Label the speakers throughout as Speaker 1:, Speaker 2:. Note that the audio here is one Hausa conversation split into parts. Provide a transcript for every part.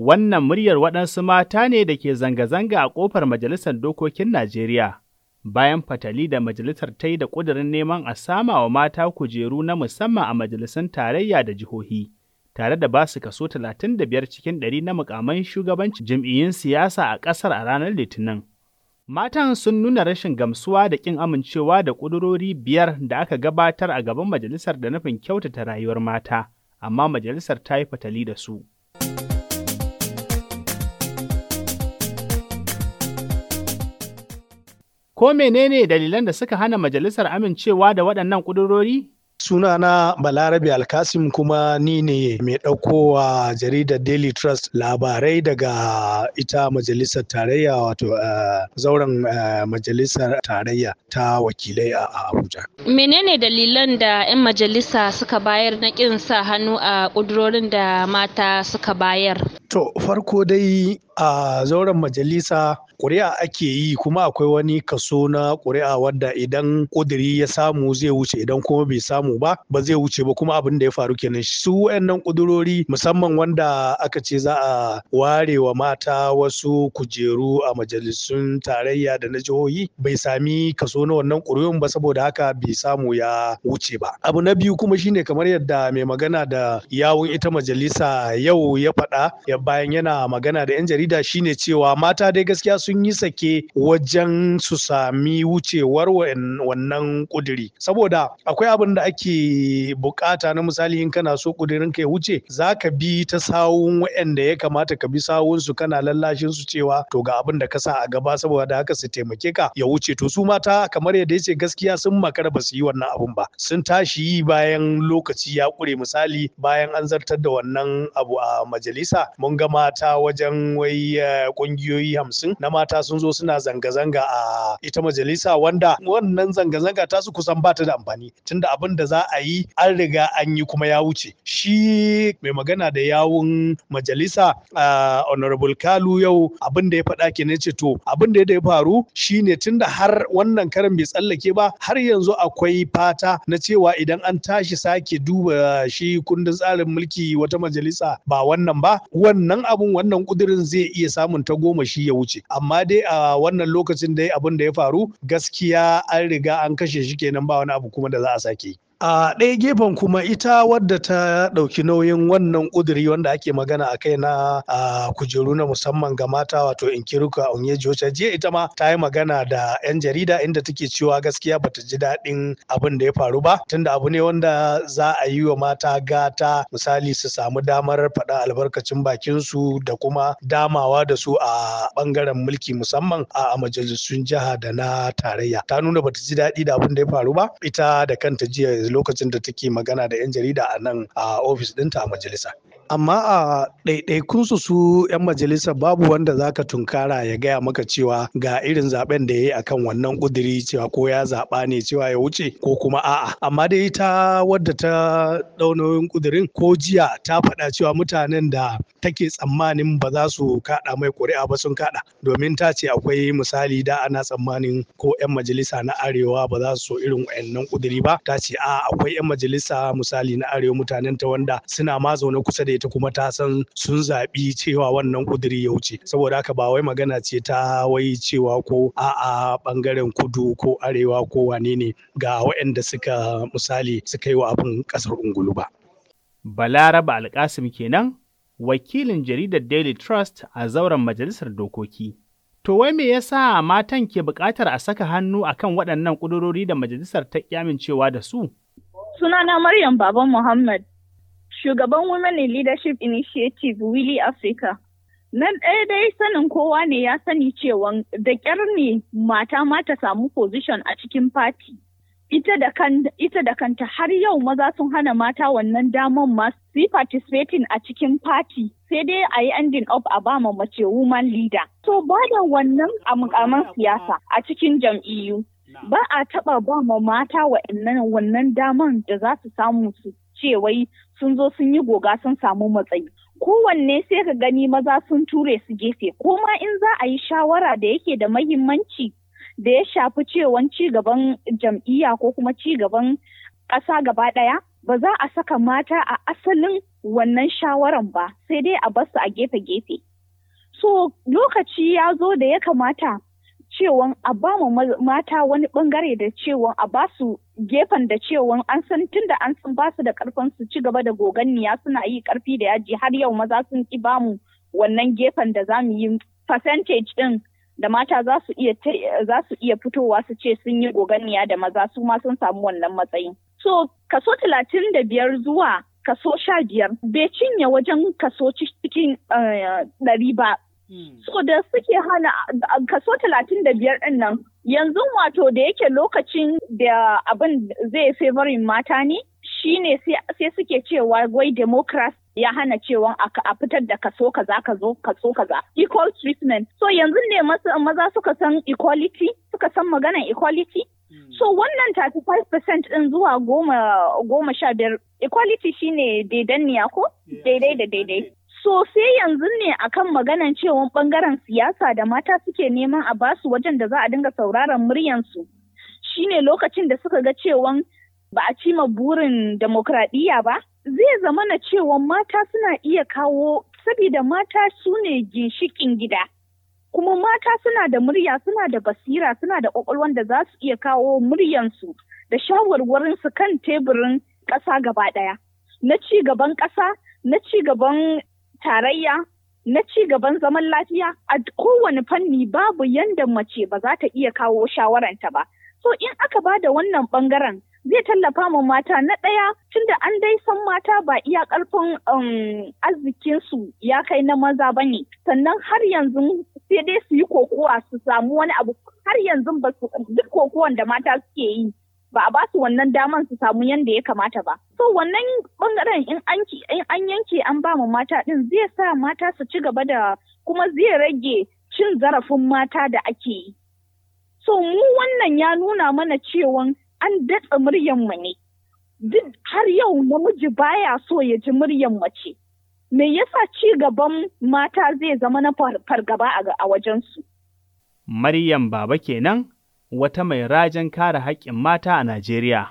Speaker 1: Wannan muryar waɗansu mata ne da ke zanga-zanga a ƙofar Majalisar Dokokin Najeriya, bayan fatali da majalisar ta yi da ƙudurin neman a sama wa mata kujeru na musamman a majalisun tarayya da jihohi, tare da ba su kaso 35 cikin 100 na mukaman shugabancin jam'iyyun siyasa a ƙasar a ranar Litinin. Matan sun nuna rashin gamsuwa da ƙin amincewa da ƙudurori biyar da aka gabatar a gaban majalisar da nufin kyautata rayuwar mata, amma majalisar ta yi fatali da su. Ko menene dalilan da suka hana majalisar amincewa da waɗannan ƙudurori?
Speaker 2: Sunana Balarabe Alkasim kuma ni ne mai ɗaukowa jaridar Daily Trust labarai daga ita majalisar tarayya wato eh, zauren eh, majalisar tarayya ta wakilai a Abuja.
Speaker 3: Menene dalilan da 'yan majalisa suka bayar na ƙin sa hannu a ƙudurorin da mata suka bayar?
Speaker 2: To farko dai a zauren majalisa ƙuri'a ake yi kuma akwai wani kaso na ƙuri'a wadda idan ƙudiri ya samu zai wuce idan kuma bai samu ba ba zai wuce ba kuma abin da ya faru kenan su wayannan ƙudurori musamman wanda aka ce za a ware wa mata wasu kujeru a majalisun tarayya da na jihohi bai sami kaso na wannan ƙuri'un ba saboda haka bai samu ya wuce ba abu na biyu kuma shine kamar yadda mai magana da yawun ita majalisa yau ya faɗa ya bayan yana magana da 'yan jarida jarida shine cewa mata dai gaskiya sun yi sake wajen su sami wucewar wannan kuduri saboda akwai abin da ake bukata na misali in kana so kudirin ka ya wuce za ka bi ta sawun wa'anda ya kamata ka bi sawun su kana lallashin su cewa to ga abin da ka sa a gaba saboda haka su taimake ka ya wuce to su mata kamar yadda ya ce gaskiya sun makar ba su yi wannan abun ba sun tashi yi bayan lokaci ya kure misali bayan an zartar da wannan abu a majalisa mun ga mata wajen wai sai kungiyoyi eh, hamsin na mata sun zo suna zanga-zanga a ita majalisa wanda wannan zanga-zanga ta su kusan bata da amfani tunda abin da za a yi an riga an yi kuma ya wuce shi mai magana da yawun majalisa honorable kalu yau abin da ya faɗa ke ne ce to abin da ya faru shine tunda har wannan karin bai tsallake ba har yanzu akwai fata na cewa idan an tashi sake duba eh, shi kundin tsarin mulki wata majalisa ba wannan ba wannan abun wannan kudirin zai zai iya samun ta goma shi ya wuce amma dai a wannan lokacin dai abun da ya faru gaskiya an riga an kashe shi kenan ba wani abu kuma da za a sake yi a ɗaya gefen kuma ita wadda ta ɗauki nauyin wannan ƙuduri wanda ake magana a kai na kujeru na musamman ga mata wato inkiruka onyeji ocha jiya ita ma ta yi magana da 'yan jarida inda take cewa gaskiya ba ta ji daɗin abin da ya faru ba tunda abu ne wanda za a yi wa mata gata misali su samu damar faɗa albarkacin bakin su da kuma damawa da su a ɓangaren mulki musamman a majalisun jiha da na tarayya ta nuna ba ta ji daɗi da abin da ya faru ba ita da kanta jiya lokacin da take magana da 'yan jarida a nan a ofis dinta a majalisa amma a ɗaiɗaikun su 'yan majalisa babu wanda za ka tunkara ya gaya maka cewa ga irin zaben da ya yi akan wannan kudiri cewa ko ya zaɓa ne cewa ya wuce ko kuma a'a amma dai ta wadda ta ɗaunoyin ƙudirin ko jiya ta faɗa cewa mutanen da take tsammanin ba za su kaɗa mai ƙuri'a ba sun kaɗa domin ta ce akwai misali da ana tsammanin ko 'yan majalisa na arewa ba za su so irin wayannan kudiri ba ta ce a'a akwai 'yan majalisa misali na arewa mutanen ta wanda suna ma zaune kusa da ita kuma ta san sun zaɓi cewa wannan kuduri ya wuce saboda haka ba wai magana ce ta wai cewa ko a'a bangaren kudu ko arewa ko wane ne ga waɗanda suka misali suka yi wa abin ƙasar ungulu ba. Balaraba
Speaker 1: Alƙasim kenan wakilin jaridar Daily Trust a zauren majalisar dokoki. To wai me yasa matan ke buƙatar a saka hannu akan waɗannan ƙudurori da majalisar ta kyamincewa da su?
Speaker 4: Sunana Maryam Baban Muhammad, shugaban Women in Leadership Initiative Willy Africa. Nan ɗaya dai sanin kowa ne ya sani cewa da ƙyar ne mata ma ta samu position a cikin fati. Ita da, kanta har yau maza sun hana mata wannan damar ma su participating a cikin fati sai dai a yi ending up a ba mace woman leader. So ba da wannan a mukaman siyasa a cikin jam'iyyu. ba a taba ba ma mata wa'annan wannan daman da za su samu su ce wai sun zo sun yi goga sun samu matsayi kowanne sai ka gani maza sun ture su gefe ko ma in za a yi shawara da yake da mahimmanci da ya shafi cewan cigaban jam'iyya ko kuma cigaban ƙasa gaba ɗaya ba za a saka mata a asalin wannan shawaran ba sai dai a basu a gefe-gefe so lokaci ya zo da ya kamata cewan a ba mu mata wani bangare da cewan a ba su gefen da cewan an san tun da an san ba su da karfin su ci gaba da goganniya suna yi karfi da yaji har yau maza sun ki ba mu wannan gefen da za mu yi percentage din da mata za su iya za su iya fitowa su ce sun yi goganniya da maza su ma sun samu wannan matsayin so kaso talatin da biyar zuwa kaso sha biyar bai cinye wajen kaso cikin eh, ɗari ba Hmm. So da suke hana kaso talatin da biyar ɗin nan yanzu wato da yake lokacin da abin zai favorin mata ne shine sai suke cewa wai democrat ya hana cewa a fitar da kaso kaza kazo kaso kaza equal treatment so yanzu ne maza suka san equality suka san maganan equality hmm. So wannan 35% ɗin zuwa goma, sha biyar equality shine daidanniya ko? Daidai da daidai. sosai yanzu ne akan maganan cewa bangaren siyasa da mata suke neman a basu wajen da za a dinga sauraron muryansu ne lokacin da suka ga cewa ba a cima burin demokradiyya ba zai zama na cewa mata suna iya kawo saboda mata su ne ginshikin gida kuma mata suna da murya suna da basira suna da kwakwalwan da za su iya kawo muryansu da shawarwarinsu kan teburin ƙasa gaba ɗaya na ci gaban ƙasa na ci gaban tarayya na ci gaban zaman lafiya a kowane fanni babu yanda mace ba za ta iya kawo shawaranta ba. So in aka ba da wannan bangaren zai tallafa ma mata na ɗaya tunda an dai san mata ba iya ƙarfin um, arzikinsu ya kai na maza ba ne sannan har yanzu sai dai su yi kokowa su samu wani abu har yanzu ba su duk kokowan da mata suke yi ba a basu wannan daman su samu yanda ya kamata ba. So wannan bangaren in an yanke an ba mu mata din zai sa mata su ci gaba da kuma zai rage cin zarafin mata da ake yi. So mu wannan ya nuna mana cewa an datsa muryan mu ne. Duk har yau namiji baya so ya ji muryan mace. Me yasa ci gaban mata zai zama na fargaba a wajensu?
Speaker 1: Maryam Baba kenan wata mai rajin kare haƙƙin mata a Najeriya.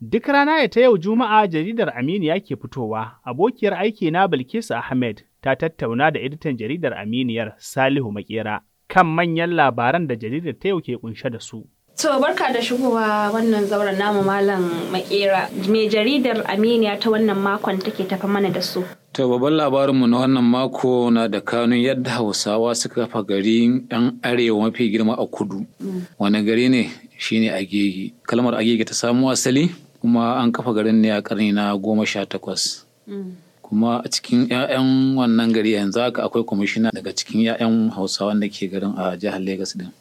Speaker 1: Duk rana ya ta yau Juma'a jaridar Aminiya ke fitowa, abokiyar aiki na Bilkisu Ahmed ta tattauna da editan jaridar Aminiyar Salihu Makera kan manyan labaran da jaridar ta yau ke kunshe da su.
Speaker 3: To barka da shigowa wannan zauren namu Malam Makera, mai jaridar Aminiya ta wannan makon take tafa mana da su.
Speaker 5: To babban labarinmu na wannan mako na da kanun yadda Hausawa suka kafa garin 'yan arewa mafi girma a kudu. Wani gari ne shine Agege. Kalmar Agege ta samu asali kuma an kafa garin ne a karni na goma sha takwas. kuma a cikin 'ya'yan wannan gari yanzu haka akwai kwamishina daga cikin 'ya'yan hausawa wanda ke garin a jihar Legas din.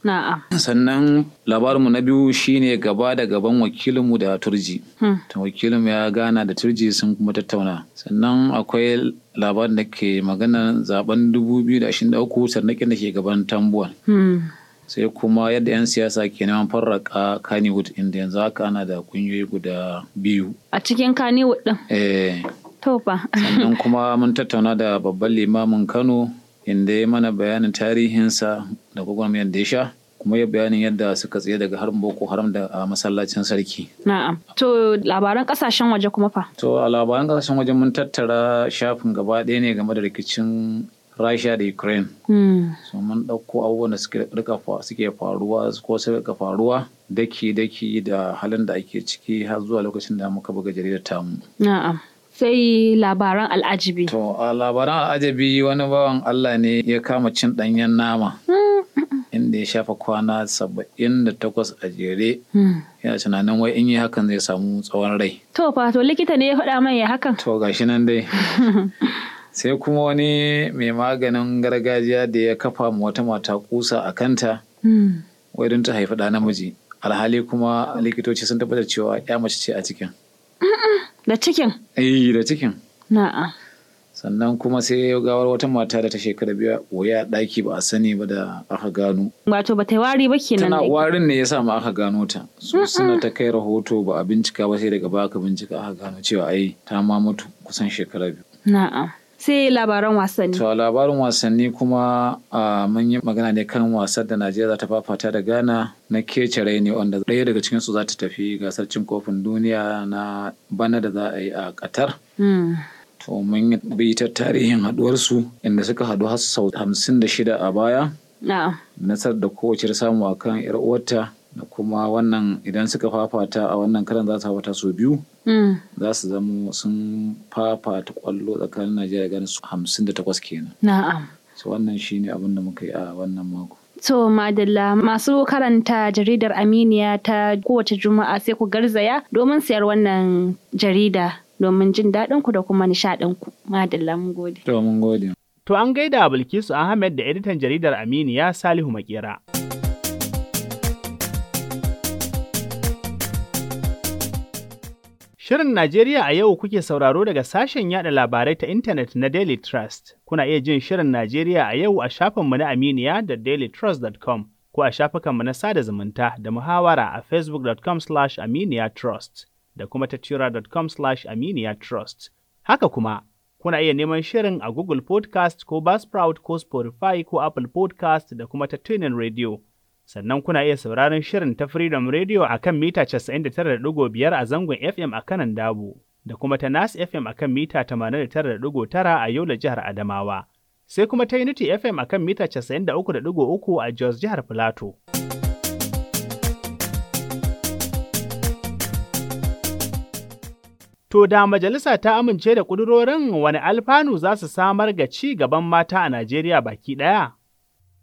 Speaker 5: Sannan labarinmu na biyu shine gaba da gaban wakilinmu da turji. Hmm. Ta wakilinmu ya gana da turji sun kuma tattauna. Sannan akwai labarin da ke magana zaben 2023 sannan da ke gaban tambuwan. Hmm. sai kuma yadda 'yan siyasa ke neman farraka Kannywood inda yanzu haka ana da kunyoyi guda biyu.
Speaker 3: A cikin Kannywood din? Eh. tofa
Speaker 5: Sannan kuma mun tattauna da babban limamin Kano inda ya mana bayanin tarihinsa da gwagwarmayar da ya sha. kuma ya bayanin yadda suka tsaye daga harin boko haram da a masallacin sarki.
Speaker 3: Na'am. To labaran kasashen waje kuma fa?
Speaker 5: To a labaran kasashen waje mun tattara shafin gaba ɗaya ne game da rikicin Rasha da Ukraine. Hmm. So mun ɗauko abubuwan da suke faruwa ko suke rika faruwa daki-daki da halin da ake ciki har zuwa lokacin da muka buga jaridar tamu.
Speaker 3: Na'am. sai labaran al'ajabi.
Speaker 5: To, a labaran al'ajabi wani bawan Allah ne ya kama cin ɗanyen nama. Inda ya shafa kwana saba'in da takwas a jere. Yana hmm. tunanin wai in yi hakan zai samu tsawon rai.
Speaker 3: To, fato likita ne ya faɗa mai ya
Speaker 5: hakan. To, gashi nan dai. Sai kuma wani mai maganin gargajiya da ya kafa wata mata kusa a kanta. Hmm. Wai don ta haifi ɗa namiji. Alhali kuma likitoci sun tabbatar cewa ya mace ce a cikin. Da cikin? Eh, da cikin. Na'a. Sannan kuma sai ya gawar wata mata da ta shekara biya a ɗaki ba a sani ba da aka gano.
Speaker 3: Wato ba ta wari ba kenan. Tana
Speaker 5: warin ne ya sa ma aka gano ta. Su suna ta kai rahoto ba a bincika ba sai daga baka bincika aka gano cewa ai ta ma mutu kusan shekara biyu.
Speaker 3: Na'a. sai labaran wasanni.
Speaker 5: To labarin wasanni kuma mun yi magana ne kan wasar da Najeriya za ta fafata da Ghana na kece ne wanda ɗaya daga su za ta tafi gasar cin kofin duniya na bana da za a yi a Qatar. Hmm. To mun bi ta tarihin haɗuwarsu inda suka haɗu har sau hamsin da shida a baya. Nasar da kowace samu a kan 'yar uwarta kuma wannan idan suka fafata a wannan karan za su fafata sau biyu hmm. za su zamo sun fafata kwallo tsakanin najeriya ganin su hamsin da takwas kenan na'am so wannan shine abin da muka yi a wannan mako
Speaker 3: To Madalla masu karanta jaridar Aminiya ta kowace Juma'a sai ku garzaya domin sayar wannan jarida domin jin daɗin ku da kuma nishaɗin ku Madalla mun gode.
Speaker 1: To mun gode. To an gaida Bilkisu Ahmed da editan jaridar Aminiya Salihu Makera. Shirin Najeriya a yau kuke sauraro daga sashen yada labarai ta intanet na Daily Trust. Kuna iya jin Shirin Najeriya a yau a shafinmu na Aminiya da dailytrust.com ko a shafukanmu na sada zumunta da muhawara a facebook.com slash aminiyatrust da kuma ta slash aminiyatrust. Haka kuma, kuna iya neman shirin a Google Podcast ko Buzzsprout ko Spotify ko Apple Podcast da kuma ta Tunin Radio. sannan kuna iya sauraron shirin ta Freedom Radio a kan mita 99.5 a zangon FM a kanan dabu da kuma ta Nas FM a kan mita 89.9 a Yola jihar Adamawa, sai kuma ta Unity FM a kan mita 93.3 a Jos jihar Filato. To da majalisa ta amince da ƙudurorin wani alfanu za su samar ga ci gaban mata a Najeriya baki ɗaya?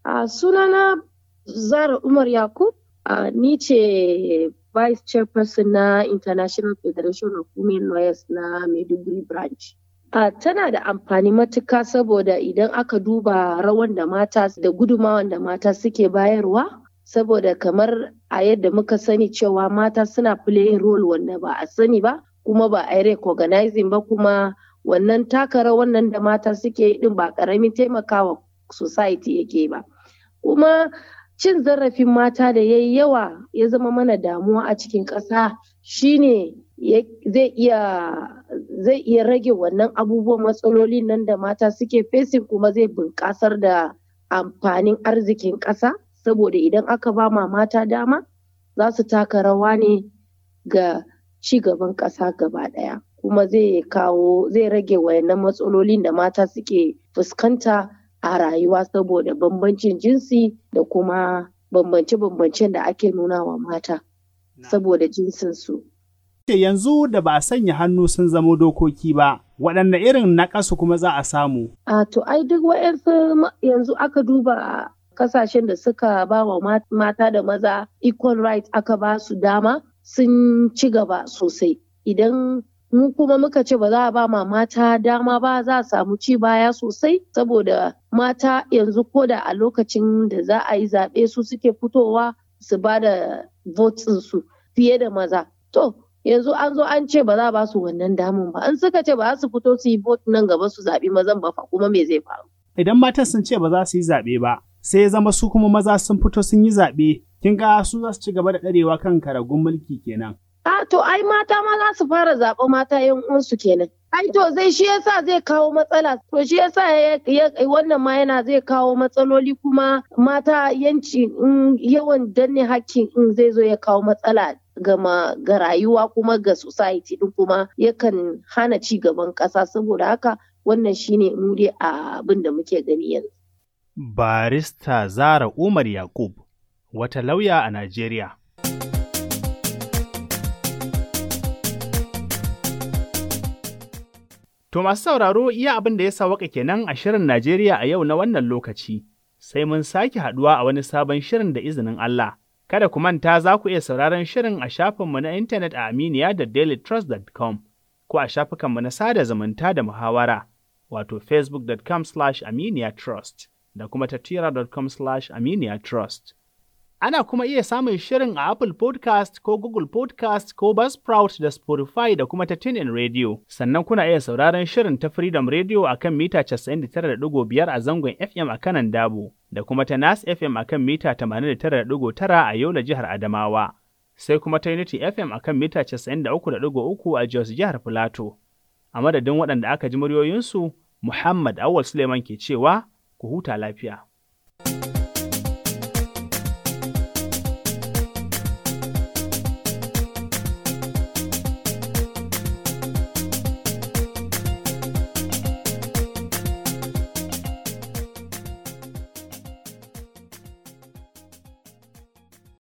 Speaker 6: A sunana Zara Umar Yakub uh, ni ce Vice Chairperson na International Federation of Women Lawyers na Maiduguri Branch. Uh, tana da amfani matuka saboda idan aka duba rawan da mata da gudumawan da mata suke bayarwa saboda kamar a yadda muka sani cewa mata suna playing role wanda ba a sani ba kuma ba a recognizing ba kuma wannan taka wannan nan da mata suke yi din ba karamin taimakawa society yake ba kuma cin zarafin mata da ya yawa ya zama mana damuwa a cikin ƙasa shine zai iya rage wannan abubuwan matsalolin nan da mata suke fesin kuma zai bunƙasar da amfanin arzikin ƙasa saboda idan aka ba ma mata dama za su taka rawa ne ga ci gaban ƙasa gaba ɗaya kuma zai kawo zai rage wayannan matsalolin da mata suke fuskanta a rayuwa saboda bambancin jinsi da kuma bambance-bambancen da ake nuna wa mata saboda jinsinsu.
Speaker 1: Ke yanzu da ba a sanya hannu sun zamo dokoki ba, waɗanne irin ƙasa kuma za a samu?
Speaker 6: A to ai duk wa'yansu yanzu aka duba a kasashen da suka ba wa mata da maza equal right aka ba su dama sun ci gaba sosai. Idan mu kuma muka ce ba za a ba ma mata dama ba za a samu ci baya sosai saboda mata yanzu ko da a lokacin da za a yi zaɓe su suke fitowa su ba da su fiye da maza to yanzu an zo an ce ba za a ba su wannan damun ba an suka ce ba za su fito su yi vote nan gaba su zaɓi mazan ba fa kuma me zai faru
Speaker 1: idan matan sun ce ba za su yi zaɓe ba sai ya zama su kuma maza sun fito sun yi zaɓe kin ga su za su ci gaba da ɗarewa kan karagun mulki kenan
Speaker 6: A to ai mata ma za su fara zaɓa mata yan uwansu kenan. Ai to zai shi yasa zai kawo matsala. To shi yasa wannan ma yana zai kawo matsaloli kuma mata yanci yawan danne hakkin in zai zo ya kawo matsala gama ga rayuwa kuma ga society din kuma yakan hana ci gaban ƙasa saboda haka wannan shine mu a abin da muke gani yanzu.
Speaker 1: Barista Zara Umar Yakub, wata lauya a Najeriya. To masu sauraro iya abin da ya sa waka kenan a shirin Najeriya a yau na wannan lokaci, sai mun sake haduwa a wani sabon shirin da izinin Allah. Kada ku manta za ku iya sauraron shirin a shafinmu na intanet a aminiya da dailytrust.com ko a shafukanmu na sada zumunta da muhawara wato facebook.com slash aminiya trust da kuma tattira.com slash aminiya trust. Ana kuma iya samun shirin a Apple Podcast ko Google Podcast ko Buzzsprout da Spotify da kuma ta TuneIn Radio. Sannan kuna iya sauraron shirin ta Freedom Radio a kan mita 99.5 a zangon FM a kanan Dabo da kuma ta Nas FM a kan mita 89.9 a Yola jihar Adamawa. Sai kuma ta Unity FM a kan mita 93.3 a Jos jihar Filato. A madadin waɗanda aka ji muryoyinsu, Muhammad Awal Suleiman ke cewa, ku huta lafiya.